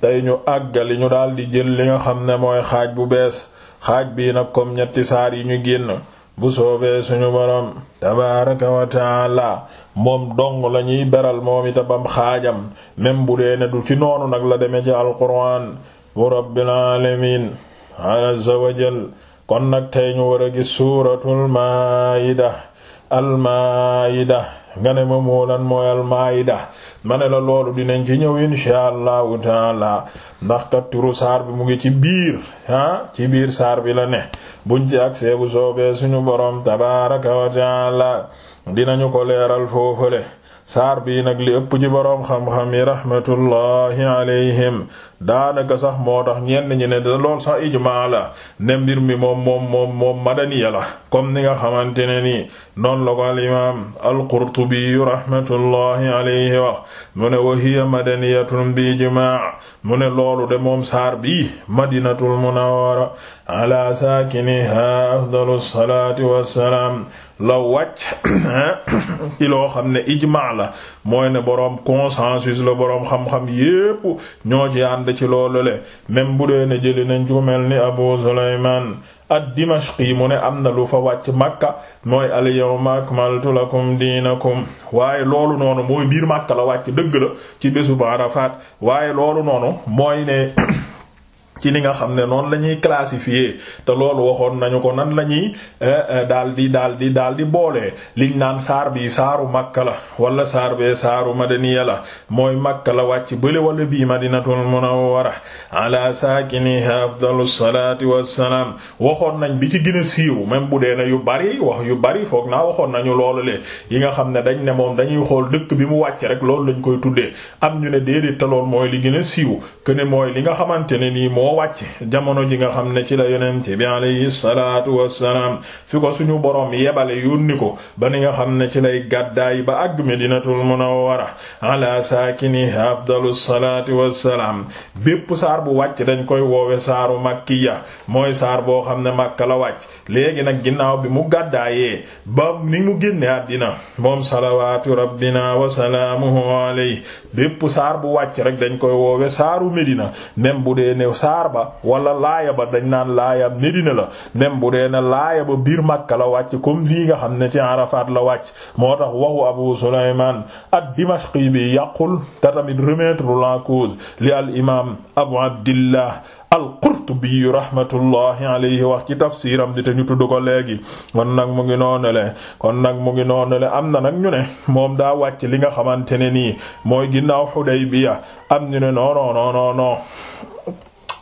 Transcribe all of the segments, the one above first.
tey ñu àggali ñu daldi jël li nga xam ne mooy xaaj bu bees xaaj bii nag comme ñetti saar yi ñu génn bu soobee suñu boroom tabaaraka wa taala moom dong lañuy ñuy beral moom itabam xaajam même bu dee ne du ci noonu nag la demee ci alquran bu rabbil alamin azza wa kon nag tey ñu war a gis suuratul maayida almaayida nga ne ma moo mooy almaayida ma ne la loolu dinañ ci ñëw insha allahu taala ndax kat turu saar bi mu ngi ci biir ah ci biir saar bi la ne buñ ci agsee bu soobee suñu borom tabaaraka wa taala dinañu ko leeral foofale saar bii nag li ëpp ci boroom xam-xam yi rahmatullahi alayhim daanaka sax moo tax ñenn ñi ne da sax ijmaa ne mbir mi moom moom moom moom madaniya la comme ni nga xamante ne nii noonu la al imaam al-Qurtubi rahmatullahi alayhi wax mu ne wa hiya bi ijmaa mu ne loolu de moom saar bi madinatul munawwara ala saakiniha afdalu salaati wassalaam la wàcc ci loo xam ne ijmaa la mooy ne boroom consensus la boroom xam-xam yépp ñoo ci ànd ci loolu le même bu dee ne jëli nañ ko mel ni Abu at ad-Dimashqi mu ne am na lu fa wàcc Makka mooy al-yawma akmaltu lakum diinakum waaye loolu noonu mooy biir Makka la wàcc dëgg la ci bésu Arafat waaye loolu noonu mooy ne ci li nga xam ne noonu la ñuy classifier te loolu waxoon nañu ko nan la ñuy eh, eh, daal di daal di daal di boole liñ naan saar bi saaru Makka la wala saar bee saaru madaniya la mooy Makka la wàcc bële wala bii madinatul munawwara ala saakiniha afdalu salaati wassalaam waxoon nañ bi ci gën a siiw même bu dee na yu bari wax yu bari foog naa waxoon nañu loolu le yi nga xam ne dañ ne moom dañuy xool dëkk bi mu wàcc rek loolu lañ koy tuddee am ñu ne déedéet te loolu mooy li gën a moo wàcc jamono ji nga xam ne ci la yonent bi alayhi salaatu wassalaam fi ko suñu borom yebale yónni ko ba ni nga xam ne ci lay gàddaay ba àgg Madinatul Munawwara ala saakinihaa afdalu salaati wassalaam bépp saar bu wàcc dañ koy woowe saaru makkiya mooy saar boo xam ne Makka la wàcc léegi nag ginnaaw bi mu gàddaayee ba ni mu génne àddina moom salawaatu rabbina wa salaamuhu alayhi bépp saar bu wàcc rek dañ koy woowe saaru Medina même bu dee ne saar saar ba wala laaya ba dañ naan laaya Medina la même bu dee na laaya ba biir Makka la wàcc comme lii nga xam ne ci Arafat la wàcc moo tax waxu Abu Sulaymaan ad-Dimashqi bi yàqul te tamit remettre en cause li al imaam Abu Abdillah al-Qurtubi rahmatullahi alayhi wax ci tafsiram di te ñu tudd ko léegi kon nag mu ngi noonale kon nag mu ngi noonale am na nag ñu ne moom daa wàcc li nga xamante ne nii mooy ginnaaw Hudaybiya am ñu ne non non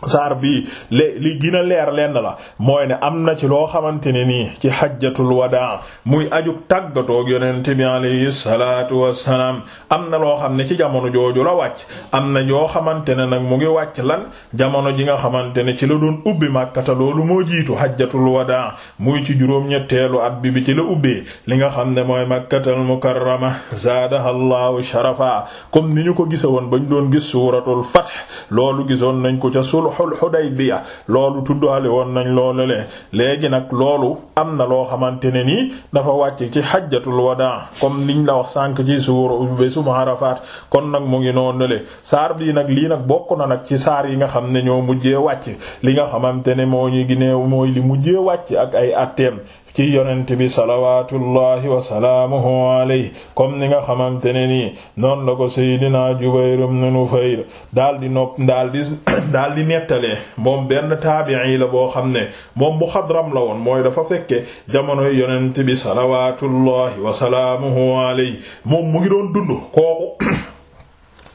saar bii li li leer lenn la mooy ne am na ci loo xamante ne nii ci xajjatul wadaa muy aju tàggatoo yonent bi alayhi salaatu wassalaam am na loo xam ne ci jamono jooju la wàcc am na joo xamante ne nag mu ngi wàcc lan jamono ji nga xamante ne ci la doon ubbi màkkata loolu moo jiitu hajjatul wadaa muy ci juróom-ñetteelu at bi bi ci la ubbee li nga xam ne mooy màkkatal mukarrama zaadaha allahu sharafa comme ni ñu ko gisa woon ba ñu doon gis suuratul fath loolu gisoon nañ ko ca sulhul hudaybiya loolu tuddaale woon nañ loolu le léegi nag loolu am na loo xamante ne nii dafa wàcc ci xajjatul wadaa comme liñ la wax sànq ci suur bésum Arafat kon nag mu ngi noonu le saar bii nag lii nag bokk na nag ci saar yi nga xam ne ñoo mujjee wàcc li nga xamante ne moo ñu ginee mooy li mujjee wàcc ak ay atteem ci yonent bi salawaatullahi wa salaamuhu alayhi comme ni nga xamante ne ni noonu la ko Seydina Jubayr ibn Nufayr daal di nopp daal di daal di nettalee moom benn taabi'i boo xam ne moom bu xadram la woon mooy dafa fekke jamono yonent bi salawaatullahi wa salaamuhu alayhi moom mu ngi doon dund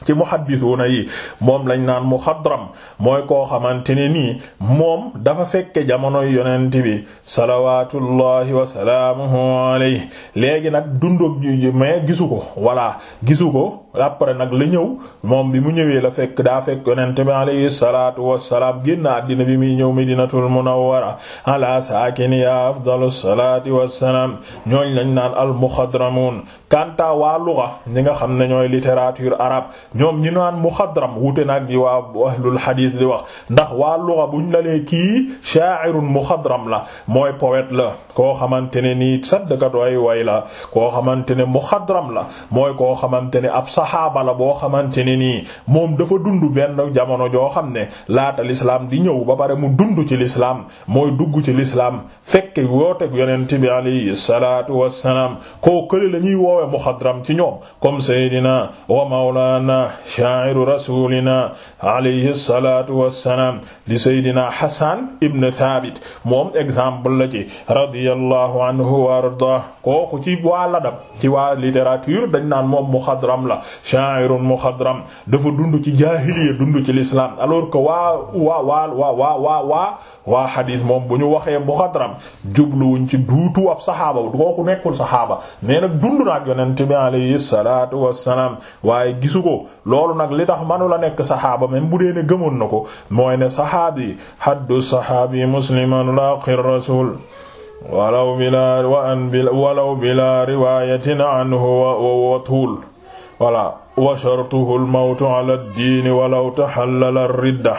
ci muhaddisuuna yi moom lañ naan mu muxadram mooy koo xamante ne nii moom dafa fekke jamonoy yonent bi salawaatullahi wa salaamuhu alayhi léegi nag dundóog mais gisu ko voilà gisu ko après nag la ñëw moom bi mu ñëwee la fekk daa fekk yonent bi alayhi salaatu wassalaam génn àddina bi muy ñëw Madinatul Munawwara ala saakiniya afdalu salaati wassalaam ñooñ lañ naan al muxadramuun kanta waa luga ñi nga xam ne ñooy littérature arabe ñoom ñi naan muxadram wute nag yi waa ahlul hadith li wax ndax waa lugha buñ la lee kii sha'irun muxadram la mooy poète la koo xamante ne nii saddkat way way la koo xamante ne muxadram la mooy koo xamante ne ab saxaaba la boo xamante ne nii moom dafa dund benn jamono joo xam ne laata l'islam di ñëw ba pare mu dund ci lislaam mooy dugg ci lislaam fekk yooteeg yonent bi alayhi salaatu wassalaam koo kële la ñuy woowe muxadram ci ñoom comme Seydina wa Mawlana rabbina sha'iru rasulina alayhi salatu wassalaam di saydina hasan ibn thabit moom exemple la ci radiyallahu anhu wa arda kooku ci waa ladab ci waa littérature dañ naan moom muxadram la sha'irun muxadram dafa dund ci jaahiliya dund ci l'islam alors que waa waa waa waa waa waa waa waa xadiis moom bu ñu waxee muxadram jubluwuñ ci duutu ab saxaaba kooku nekkul saxaaba mais nag dund na ak yonent bi alayhi salatu wassalaam waaye gisu ko loolu nag li tax manu la nekk saxaaba même bu dee ne gëmoon na ko mooy ne saxaabi haddu saxaabi musliman laqir rasul walaw bila wa an bila walaw bila riwayatin anhu wa tuul wala wa shartuhu al mawtu ala ad-din walaw tahallala ar-ridda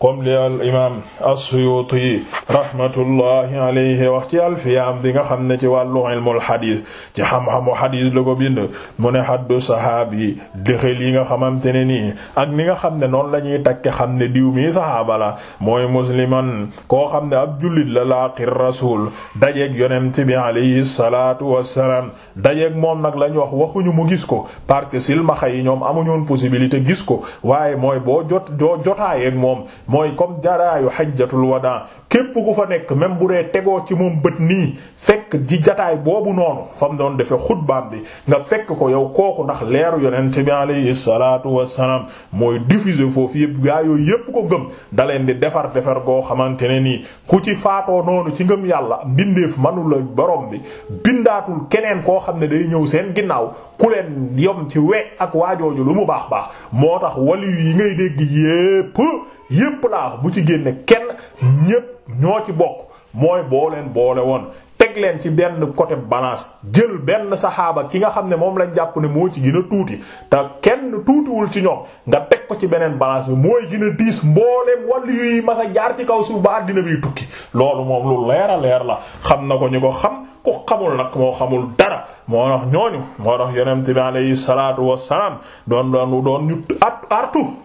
comme li al imaam as-Suyuuti rahmatullahi alayhi wax ci alfiyaam bi nga xam ne ci wàllu ilmul xadiis ci xam-xamu xadiis la ko bind mu ne xaddu saxaab yi dëxël yi nga xamante ne nii ak ni nga xam ne noonu la ñuy takke xam ne diw mii saxaaba la mooy musliman koo xam ne ab jullit la laaqir rasuul dajeeg yonent bi alayhi salaatu wassalaam dajeeg moom nag lañ wax waxuñu mu gis ko parce que silmaxa yi ñoom amuñoon possibilité gis ko waaye mooy boo jot joo jotaayeeg moom mooy comme jaraayu xajjatul wadaa képp ku fa nekk même bu dee tegoo ci moom bët nii fekk ji jataay boobu noonu fam doon defee xutbaam bi nga fekk ko yow kooku ndax leeru yonent bi alayhi salaatu wassalaam mooy diffuser foofu yëpp gaa yooyu yëpp ko gëm da leen di defar defar goo xamante ne nii ku ci faatoo noonu ci ngëm yàlla bindeef manula borom bi bindaatul keneen koo xam ne day ñëw seen ginnaaw ku leen yom ci we ak waajooju lu mu baax baax moo tax waliyu yépp laa bu ci génne kenn ñépp ñoo ci bokk mooy boo leen boole woon teg leen ci benn côté balance jël benn saxaaba ki nga xam ne moom lañ jàpp ne moo ci gën tuuti te kenn tuutiwul ci ñoom nga teg ko ci beneen balance bi mooy gën a diis mbooleem wàllu yuy masa jaar ci kaw suuf ba àddina biy tukki loolu moom lu leer leer la xam na ko ñu ko xam ku xamul nag moo xamul dara moo tax ñooñu moo tax yonent bi alayhi salaatu wassalaam doon doon doon ñu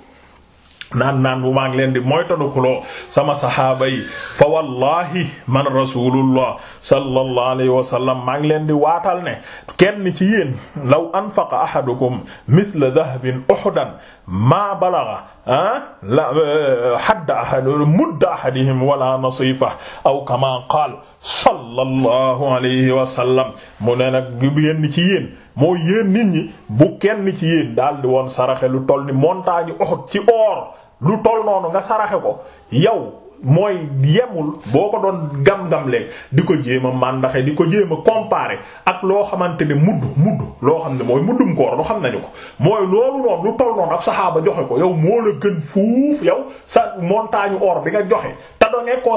naan naan bu maa ngi leen di moytanu xuloo sama saxaaba yi fa wallahi man rasulullah sallallahu alayhi wa sallam maa ngi leen di waatal ne kenn ci yéen law anfaqa ahadukum mithla dahabin uhudan maa balaga ah la eh, hadda ahad mudda ahadihim wala nasifa aw kama qaal sallallahu alayhi wa sallam mu ne nag génn ci yéen moo yéen nit ñi bu kenn ci yéen daal di woon saraxe lu toll ni montagne oxut ci or lu toll noonu nga saraxe ko yow mooy yemul boo ko doon gam-gamlee di ko jéem a màndaxe di ko jéem a comparer ak loo xamante ne mudd mudd loo xam ne mooy muddum koor lu xam nañu ko mooy loolu noonu lu toll noonu ab saxaaba joxe ko yow moo la gën fuuf yow sa montagne or bi nga joxe doo nekkoo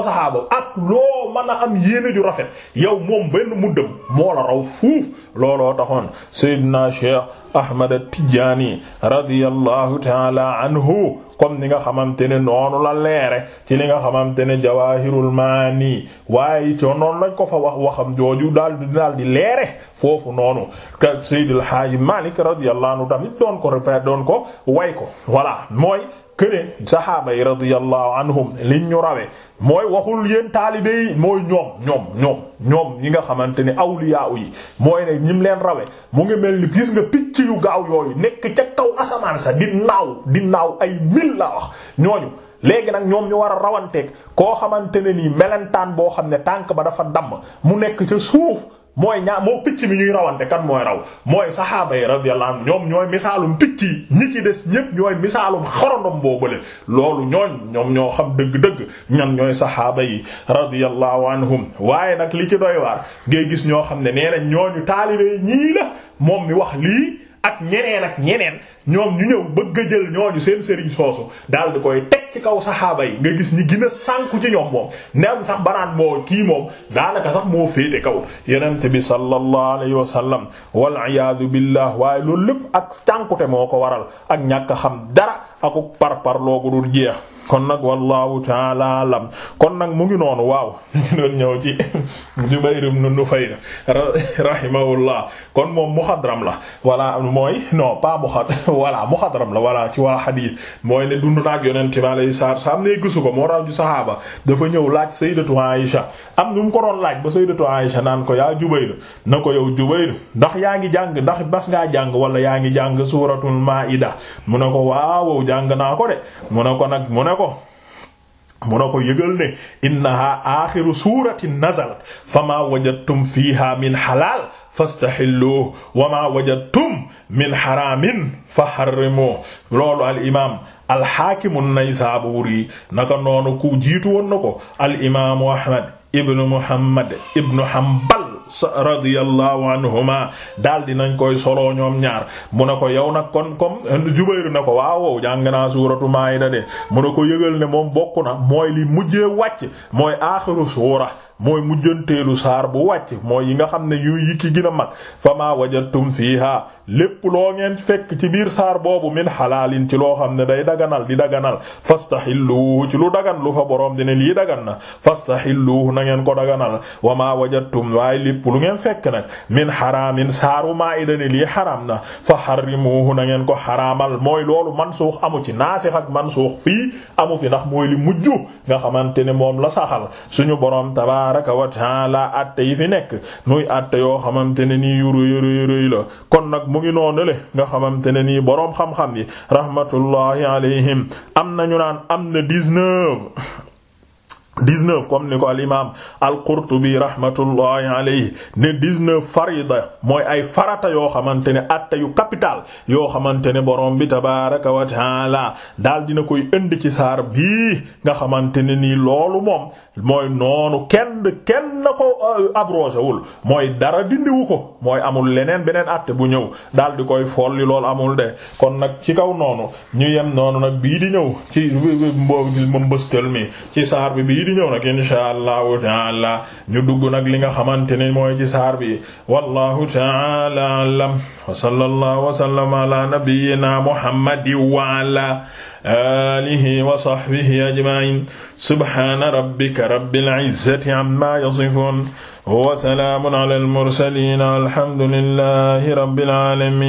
ak loo ma a am yéene ju rafet yow moom benn muddam moo la raw fuuf looloo taxoon Seydina Cheikh Ahmad Tidiane radiyallahu taala anhu comme ni nga xamante ne noonu la leere ci li nga xamante ne jawahirul maani waaye ci noonu lañ ko fa wax waxam jooju daal di daal di leere foofu noonu ka Seydil Haaji Malik radiyallahu anhu tamit doon ko repère doon ko way ko voilà mooy këne saxaaba yi radiyallahu anhum liñ ñu rawee mooy waxul yéen taalibe yi mooy ñoom ñoom ñoom ñoom ñi nga xamante ni awliyaa yi mooy ne ñim leen rawe mu ngi mel ni gis nga picc yu gaaw yooyu nekk ca kaw asamaan sa di naaw di naaw ay mil la wax ñooñu léegi nag ñoom ñu war a rawanteeg koo xamante ne nii melentaan boo xam ne tànk ba dafa damm mu nekk ca suuf mooy ñaa moo picc mi ñuy rawante kan mooy raw mooy saxaaba yi radiyallahu anhum ñoom ñooy misaalum picc yi ñi ci des ñépp ñooy misaalum xorondom boobale loolu ñooñ ñoom ñoo xam dëgg-dëgg ñan ñooy saxaaba yi radiyallahu anhum waaye nag li ci doy waar ngay gis ñoo xam ne nee na ñooñu taalibe ñii la moom mi wax lii ak ñeneen ak ñeneen ñoom ñu ñëw bëgg a jël ñooñu seen sëriñ soosu daal di koy teg ci kaw saxaaba yi nga gis ni gën a sànku ci ñoom moom ndeem sax banaan moo kii moom daanaka sax moo féete kaw yonent bi sallallahu alayhi wa sallam wal iyaadu billah waaye loolu lépp ak cànkute moo ko waral ak ñàkk xam dara akuk parparloo gu dul jeex kon nag wallahu taala alam kon nag mu ngi noonu waaw ñu doon ñëw ci Jubayr ibn Nufayr rahimahullah kon moom muxadram la walla mooy non pas muxad walla muxadram la walla ci waa xadiis mooy ne dund naag yonent bi alayhi salaatu salaam ne gisu ko moo raw ju saxaaba dafa ñëw laaj sayyidatu Aisha am nu mu ko doon laaj ba sayyidatu Aisha naan ko yaa Jubayr na ko yow Jubayr ndax yaa ngi jàng ndax bas ngaa jàng wala yaa ngi jàng suuratul Maa'ida mu ne ko waaw jàng ko mu na ko yëgal ne innaha aaxiru suuratin nazalat famaa wajadtum fiiha min xalaal fastaxilluhu wa maa wajadtum min xaraamin faharrimuhu loolu al imaam al xaakimu naysaabuuri naka jiitu woon na ko al Muhammad ibnu Hanbal radiyallahu anhuma daal dinañ koy soloo ñoom ñaar mu ne ko yow nag kon comme Jubayr na ko waawow jàng naa suuratu Maayda de mu ne ko yëgal ne moom bokk na mooy li mujjee wàcc mooy aaxiru suura mooy mujjanteelu saar bu wàcc mooy yi nga xam ne yu yi ki gën a mag fama wajadtum fiha lépp loo ngeen fekk ci biir saar boobu min xalaalin ci loo xam ne day daganal di daganal fastaxilluhu ci lu dagan lu fa boroom dina lii dagan na fastaxilluhu na ngeen ko daganal wama wajadtum waaye lépp lu ngeen fekk nag min xaraamin saaru maa i dane lii xaraam na fa xarrimuhu na ngeen ko xaraamal mooy loolu mansuux amu ci naasix ak mansuux fii amu fi ndax m li mujj nga xamante ne moom la saxal suñu boroom tabaaraka wa taala atte yi fi nekk nuy atte yoo xamante ne nii yu rëy rëy rëy la kon nag mu ngi noonu le nga xamante ne nii boroom xam-xam yi rahmatullahi alayhim am nañu naan am na dix dix-neuf comme ni ko al imaam al qurtubi rahmatullahi alayhi ne dix-neuf farida mooy ay farata yoo xamante ne atta yu capital yoo xamante ne borom bi tabaraka wa taala daal dina koy indi ci saar bii nga xamante ne nii loolu moom mooy noonu kenn kenn na ko euh, abrogé wul mooy dara dindiwu ko mooy amul leneen beneen atte bu ñëw daal di koy folli loolu amul de kon nag ci kaw noonu ñu yem noonu nag bii di ñëw ci euh, euh, mbëstal mi ci saar bi di ñëw nag insha allahu taala ñu dugg nag li nga xamante ne mooy ci saar bi wallahu taala alam wa sallallahu wa sallama ala nabiyyina muhammadin wa ala alihi wa sahbihi ajma'in subhana rabbika rabbil izzati amma yasifun wa salamun ala al mursalin alhamdulillahi rabbil alamin